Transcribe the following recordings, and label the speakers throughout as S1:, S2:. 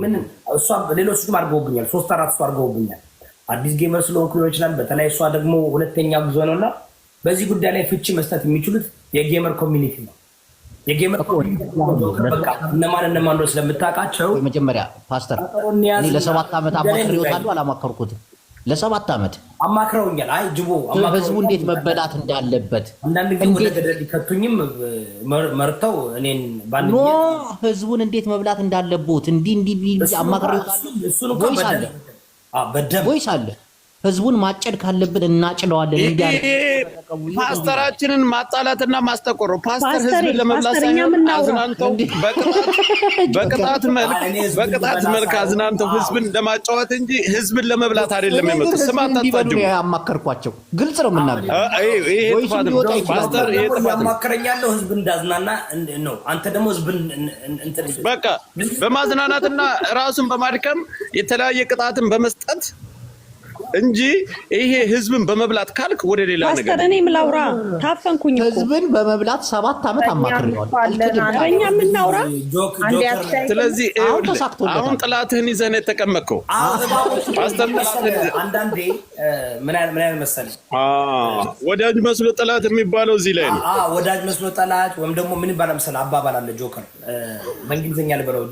S1: ምን እሷ ሌሎች ግም አድርገውብኛል። ሶስት አራት እሷ አድርገውብኛል። አዲስ ጌመር ስለሆንኩ ሊሆን ይችላል። በተለይ እሷ ደግሞ ሁለተኛ ጉዞ ነው እና በዚህ ጉዳይ ላይ ፍቺ መስጠት የሚችሉት የጌመር ኮሚኒቲ ነው። የጌመር እነማን እነማን ስለምታውቃቸው
S2: መጀመሪያ ፓስተር ለሰባት ዓመት አማክሬዎታለሁ አላማከርኩትም ለሰባት ዓመት
S1: አማክረውኛል። አይ ጅቦ
S2: ህዝቡ እንዴት መበላት እንዳለበት
S1: አንዳንድ ጊዜ ወደ ገደል ሊከቱኝም መርተው እኔን ባንድ
S2: ህዝቡን እንዴት መብላት እንዳለቦት እንዲህ እንዲህ አማክረው ይሳለ አለ አለ ህዝቡን ማጨድ ካለብን እናጭለዋለን እያለ
S3: ፓስተራችንን ማጣላትና ማስተቆሮ ፓስተር ህዝብን ለመብላት ሳይሆን አዝናንተው በቅጣት መልክ በቅጣት መልክ አዝናንተው ህዝብን ለማጫወት እንጂ ህዝብን ለመብላት አይደለም የመጡ ስም አታጣጅም።
S2: ያማከርኳቸው ግልጽ ነው
S3: የምናገርያማከረኛለው
S1: ህዝብ እንዳዝናና ነው። አንተ ደግሞ ህዝብን
S3: በቃ በማዝናናትና ራሱን በማድከም የተለያየ ቅጣትን በመስጠት እንጂ ይሄ ህዝብን በመብላት ካልክ ወደ ሌላ
S2: ነገር ፓስተር፣ እኔም ላውራ ታፈንኩኝ። ህዝብን በመብላት ሰባት ዓመት አማክርለዋልእኛ እኛ
S3: ስለዚህ አሁን ጥላትህን ይዘን ነው የተቀመጥከው። ወዳጅ መስሎ ጠላት የሚባለው እዚህ ላይ ነው።
S1: ወዳጅ መስሎ ጠላት ወይም ደግሞ ምን ይባላል መሰለህ አባባል አለ ጆከር በእንግሊዝኛ ልበለው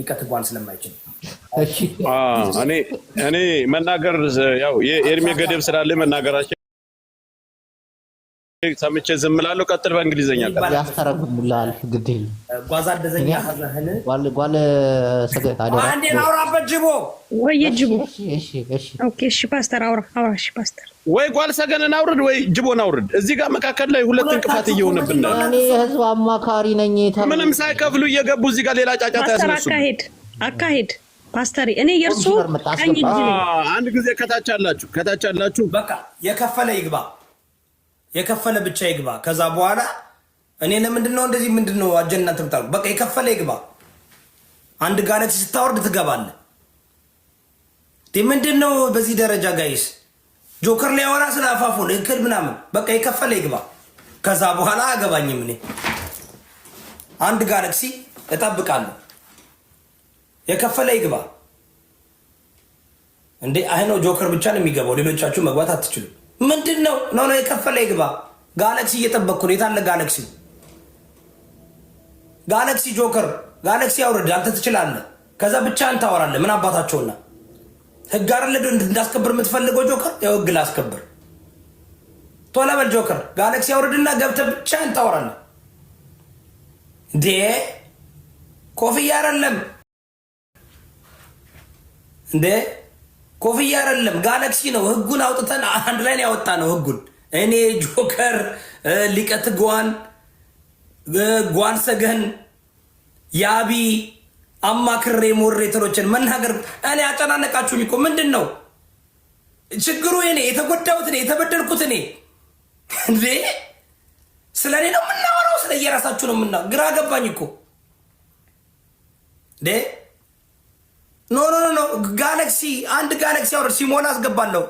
S1: ሊቀትጓን ስለማይችል
S3: እኔ መናገር ያው የእድሜ ገደብ ስላለ መናገራቸው ሰምቼ ዝም እላለሁ። ቀጥል፣ በእንግሊዝኛ
S2: ያስተረጉሙልሃል። ግድ ጓል ጅቦ ወይ ጅቦ ፓስተር አውራ ፓስተር
S3: ወይ ጓል ሰገንን አውርድ ወይ ጅቦን አውርድ። እዚህ ጋር መካከል ላይ ሁለት እንቅፋት እየሆነብን ነው።
S2: እኔ የህዝብ አማካሪ ነኝ።
S3: ምንም ሳይከፍሉ እየገቡ እዚህ ጋር ሌላ ጫጫታ
S2: ያስነሱ አካሄድ አካሄድ ፓስተር እኔ የእርሱ
S3: ቀኝ እጅ አንድ ጊዜ ከታች አላችሁ ከታች አላችሁ።
S1: በቃ የከፈለ ይግባ፣ የከፈለ ብቻ ይግባ። ከዛ በኋላ እኔ ለምንድን ነው እንደዚህ ምንድን ነው አጀና ትምጣሉ። በቃ የከፈለ ይግባ። አንድ ጋላክሲ ስታወርድ ትገባለህ። ምንድን ነው በዚህ ደረጃ ጋይስ? ጆከር ላይ ያወራ ስለ አፋፉ እክል ምናምን። በቃ የከፈለ ይግባ። ከዛ በኋላ አገባኝም እኔ አንድ ጋለክሲ እጠብቃለሁ። የከፈለ ይግባ እንዴ! አይ ነው ጆከር ብቻ ነው የሚገባው፣ ሌሎቻችሁ መግባት አትችሉም። ምንድን ነው ነው ነው የከፈለ ይግባ። ጋለክሲ እየጠበቅኩ ነው። የታለ ጋለክሲ? ጋለክሲ ጆከር ጋለክሲ ያውርድ። አንተ ትችላለህ። ከዛ ብቻ እንታወራለን። ምን አባታቸውና ህግ አለ እንዳስከብር የምትፈልገው ጆከር፣ ያው ህግ ላስከብር። ቶሎ በል ጆከር፣ ጋለክሲ ያውርድና ገብተህ ብቻ እንታወራለን። እንዴ ኮፍያ አይደለም እንደ ኮፍያ አይደለም ጋላክሲ ነው። ህጉን አውጥተን አንድ ላይ ያወጣ ነው ህጉን። እኔ ጆከር፣ ሊቀት ጓን ጓን ሰገን ያቢ አማክሬ ሞሬተሮችን መናገር እኔ አጨናነቃችሁኝ እኮ ምንድን ነው ችግሩ? እኔ የተጎዳሁት እኔ የተበደልኩት እኔ እንዴ ስለ እኔ ነው የምናወራው? ስለ ነው የምና ግራ ገባኝ እኮ ኖ ኖ ኖ ጋላክሲ አንድ ጋላክሲ አውርድ ሲሞን አስገባለሁ።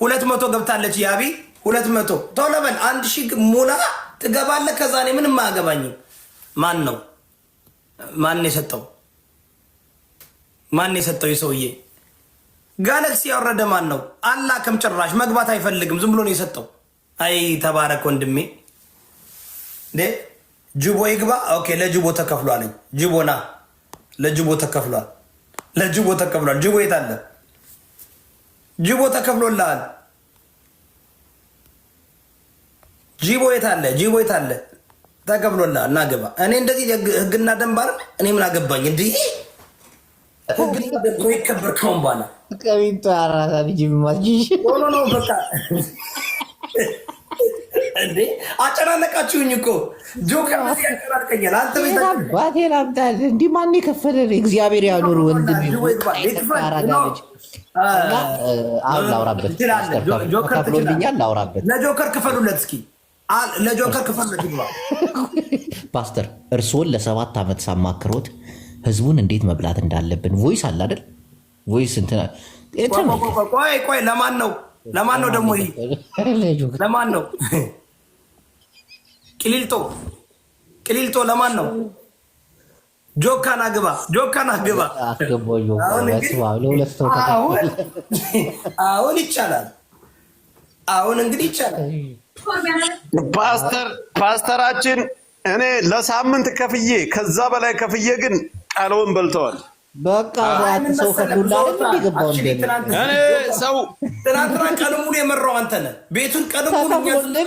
S1: ሁለት መቶ ገብታለች። ያቢ ሁለት መቶ ቶሎ በል አንድ ሺህ ሙላ ትገባለህ። ከዛ እኔ ምንም አያገባኝም። ማን ነው ማን የሰጠው ማን የሰጠው የሰውዬ ጋላክሲ ያወረደ ማን ነው? አላክም። ጭራሽ መግባት አይፈልግም። ዝም ብሎ ነው የሰጠው። አይ ተባረክ ወንድሜ። ጅቦ ይግባ። ኦኬ ለጅቦ ተከፍሏል። ጅቦና ለጅቦ ተከፍሏል። ለጅቦ ተከፍሏል። ጅቦ የት አለ? ጅቦ ተከፍሎልሃል። ጅቦ የት አለ? ጅቦ የት አለ? ተከፍሎልሃል። ናገባ እኔ እንደዚህ ህግና ደንብ አይደል? እኔ ምን አገባኝ? እንዲህ ህግና ደንብ ይከበር ከሆን በኋላ ቀቢቶ አራሳ ልጅ ማጅ ኖ ኖ በቃ እንዴ አጨናነቃችሁኝ እኮ አንተ እንዲህ ማን የከፈለ እግዚአብሔር ያኑር። ወንድም ላውራበት ለጆከር ክፈሉለት እስኪ ለጆከር ክፈሉለት ይግባ። ፓስተር እርስዎን ለሰባት ዓመት ሳማክሮት ህዝቡን እንዴት መብላት እንዳለብን ቮይስ አለ አይደል? ቮይስ እንትን ቆይ ቆይ፣ ለማን ነው ለማን ነው ደግሞ ይሄ ለማን ነው? ቅሊልጦ ቅሊልጦ ለማን ነው? ጆካን አግባ፣ ጆካን አግባ። አሁን ይቻላል። አሁን እንግዲህ ይቻላል። ፓስተር ፓስተራችን እኔ ለሳምንት ከፍዬ ከዛ በላይ ከፍዬ ግን ቃለውን በልተዋል። በቃ ሰው ከዱላ ገባው ሰው ትናንትና ቀን ሙሉ የመራው አንተ ነህ። ቤቱን ቀን ሙሉ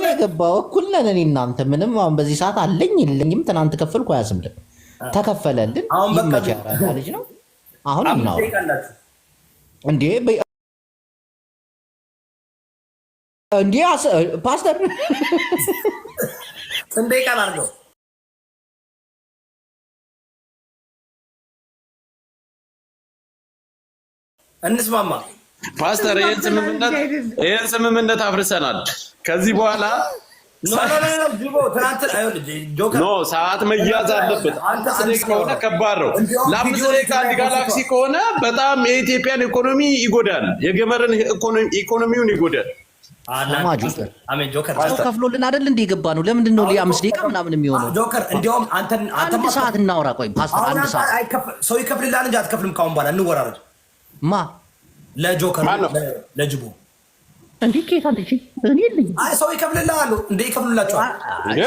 S1: የገባው እኩል ነን እኔ እናንተ። ምንም አሁን በዚህ ሰዓት አለኝ የለኝም ትናንት ከፈልኩ አያስብልን ተከፈለልን። ይመቻል ልጅ ነው አሁን ምናው እንዴ እንዲህ ፓስተር እንዴ ቃል አድርገው እንስማማ ፓስተር። ይህን ስምምነት ስምምነት አፍርሰናል። ከዚህ በኋላ ኖ ሰዓት መያዝ አለበት። ከሆነ ከባድ ነው። ለአምስት ደቂቃ አንድ ጋላክሲ ከሆነ በጣም የኢትዮጵያን ኢኮኖሚ ይጎዳል። የገመርን ኢኮኖሚውን ይጎዳል። ከፍሎልን አይደል እንደ የገባ ነው። ለምንድን ነው አምስት ደቂቃ ምናምን የሚሆነው? አንድ ሰዓት እናውራ። ቆይ ፓስተር፣ አንድ ሰዓት ሰው ይከፍልልሃል እንጂ አትከፍልም። ከአሁን በኋላ እንወራረድ ማ ለጆከር ለጅቡ እንዴ ኬታ እንዴ እኔ ልኝ አይ ሰው ይከፍልልሃል እንዴ ይከፍሉላችኋል።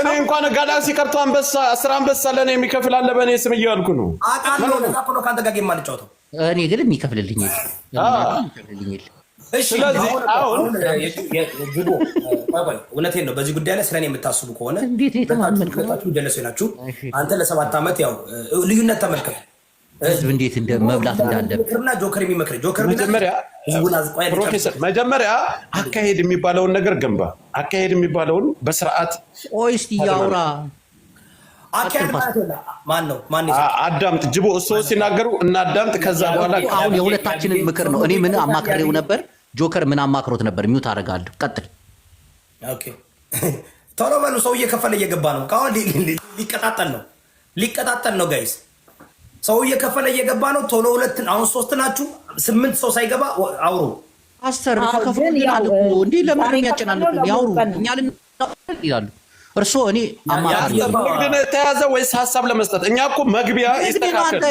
S1: እኔ እንኳን ጋላክሲ ቀርቶ አንበሳ አስር አንበሳ ለእኔ የሚከፍል አለ በእኔ ስም እያልኩ ነው አውቃለሁ። ተሳክሎ ከአንተ ጋር ጌም አልጫወተው እኔ ግን የሚከፍልልኝ ይከፍልልኝ። ስለዚህ አሁን ጅቦ እውነቴን ነው። በዚህ ጉዳይ ላይ ስለኔ የምታስቡ ከሆነ ሁለታችሁ ጀለሶ ናችሁ። አንተ ለሰባት ዓመት ያው ልዩነት ተመልከት ህዝብ እንዴት እንደ መብላት ጆከር እንዳለብህ ፕሮፌሰር መጀመሪያ አካሄድ የሚባለውን ነገር ገንባ። አካሄድ የሚባለውን በስርዓት ቆይ እያውራ ያውራ። አዳምጥ ጅቦ፣ እሶ ሲናገሩ እናዳምጥ። ከዛ በኋላ አሁን የሁለታችንን ምክር ነው። እኔ ምን አማክሬው ነበር? ጆከር ምን አማክሮት ነበር? ሚውት አደርጋለሁ። ቀጥል። ቶሎ በሉ፣ ሰው እየከፈለ እየገባ ነው። ከአሁን ሊቀጣጠል ነው፣ ሊቀጣጠል ነው ጋይስ ሰው እየከፈለ እየገባ ነው። ቶሎ ሁለት አሁን ሶስት ናችሁ። ስምንት ሰው ሳይገባ አውሩ። ፓስተር ከከፈሉ እንዴ ለምን የሚያጨናንቁ ያውሩ እኛ ልናል ይላሉ። እርስዎ እኔ አማካሪ ተያዘ ወይስ ሀሳብ ለመስጠት? እኛ እኮ መግቢያ ይስተካከል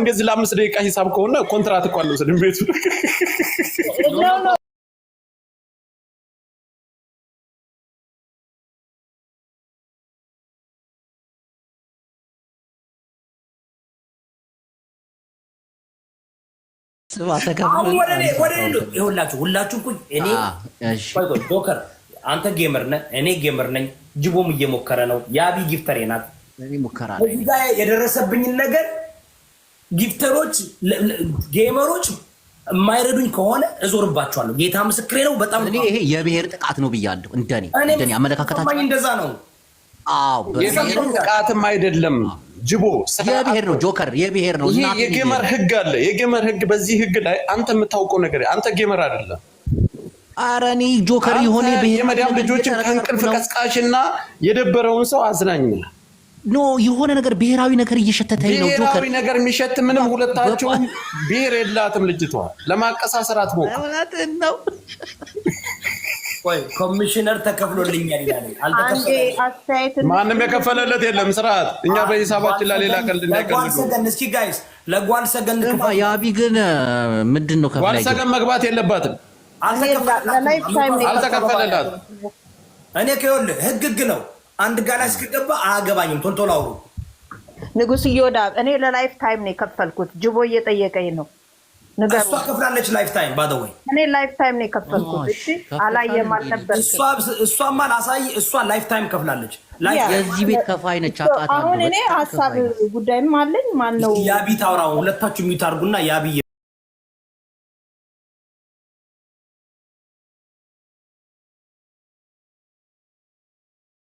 S1: እንደዚህ ለአምስት ደቂቃ ሂሳብ ከሆነ ኮንትራት እኮ አልወሰድም ቤቱ አሁን ወደ እኔ ሁላችሁም እኔ ጆከር፣ አንተ ጌመር ነህ፣ እኔ ጌመር ነኝ። ጅቦም እየሞከረ ነው። የአቢ ጊፍተሬ ናት። እዚህ ጋ የደረሰብኝን ነገር ጊፍተሮች፣ ጌመሮች የማይረዱኝ ከሆነ እዞርባቸዋለሁ። ጌታ ምስክሬ ነው። በጣም ይሄ የብሔር ጥቃት ነው ብያለሁ። እንደኔ እንደኔ እንደዛ ነው። ጥቃትም አይደለም ጅቦ የብሔር ነው ጆከር የብሔር ነው። ይሄ የጌመር ህግ አለ። የጌመር ህግ በዚህ ህግ ላይ አንተ የምታውቀው ነገር አንተ ጌመር አይደለም። ኧረ እኔ ጆከር የሆነ የመዳም ልጆችን ከእንቅልፍ ቀስቃሽና የደበረውን ሰው አዝናኝ ኖ የሆነ ነገር ብሔራዊ ነገር እየሸተተኝ ነው። ብሔራዊ ነገር የሚሸት ምንም ሁለታቸውም ብሔር የላትም ልጅቷ። ለማቀሳሰር አትሞክር ነው ወይ ኮሚሽነር ተከፍሎልኛል ይላል። ማንም የከፈለለት የለም። ስርዓት እኛ በሂሳባችን ላይ ሌላ ቀልድ እንዳይቀልዱ። ጋይስ ለጓል ሰገን የአቢ ግን ምንድን ነው ጓል ሰገን መግባት የለባትም። አልተከፈለላት እኔ ከይኸውልህ ህግ ህግ ነው። አንድ ጋላ እስክገባ አያገባኝም። ቶንቶላውሩ ንጉስ እየወዳ እኔ ለላይፍ ታይም ነው የከፈልኩት። ጅቦ እየጠየቀኝ ነው እሷ ከፍላለች ላይፍ ታይም እኔ ላይፍ ታይም ነው የከፈልኩት። እሺ አላየም እሷማ ላሳይ እሷ ላይፍ ታይም ከፍላለች። የዚህ ቤት ከፋይ ነች። አሁን እኔ ሀሳብ ጉዳይም አለኝ። ማን ነው ያቢ ታውራው? ሁለታችሁ የሚታርጉና ያቢ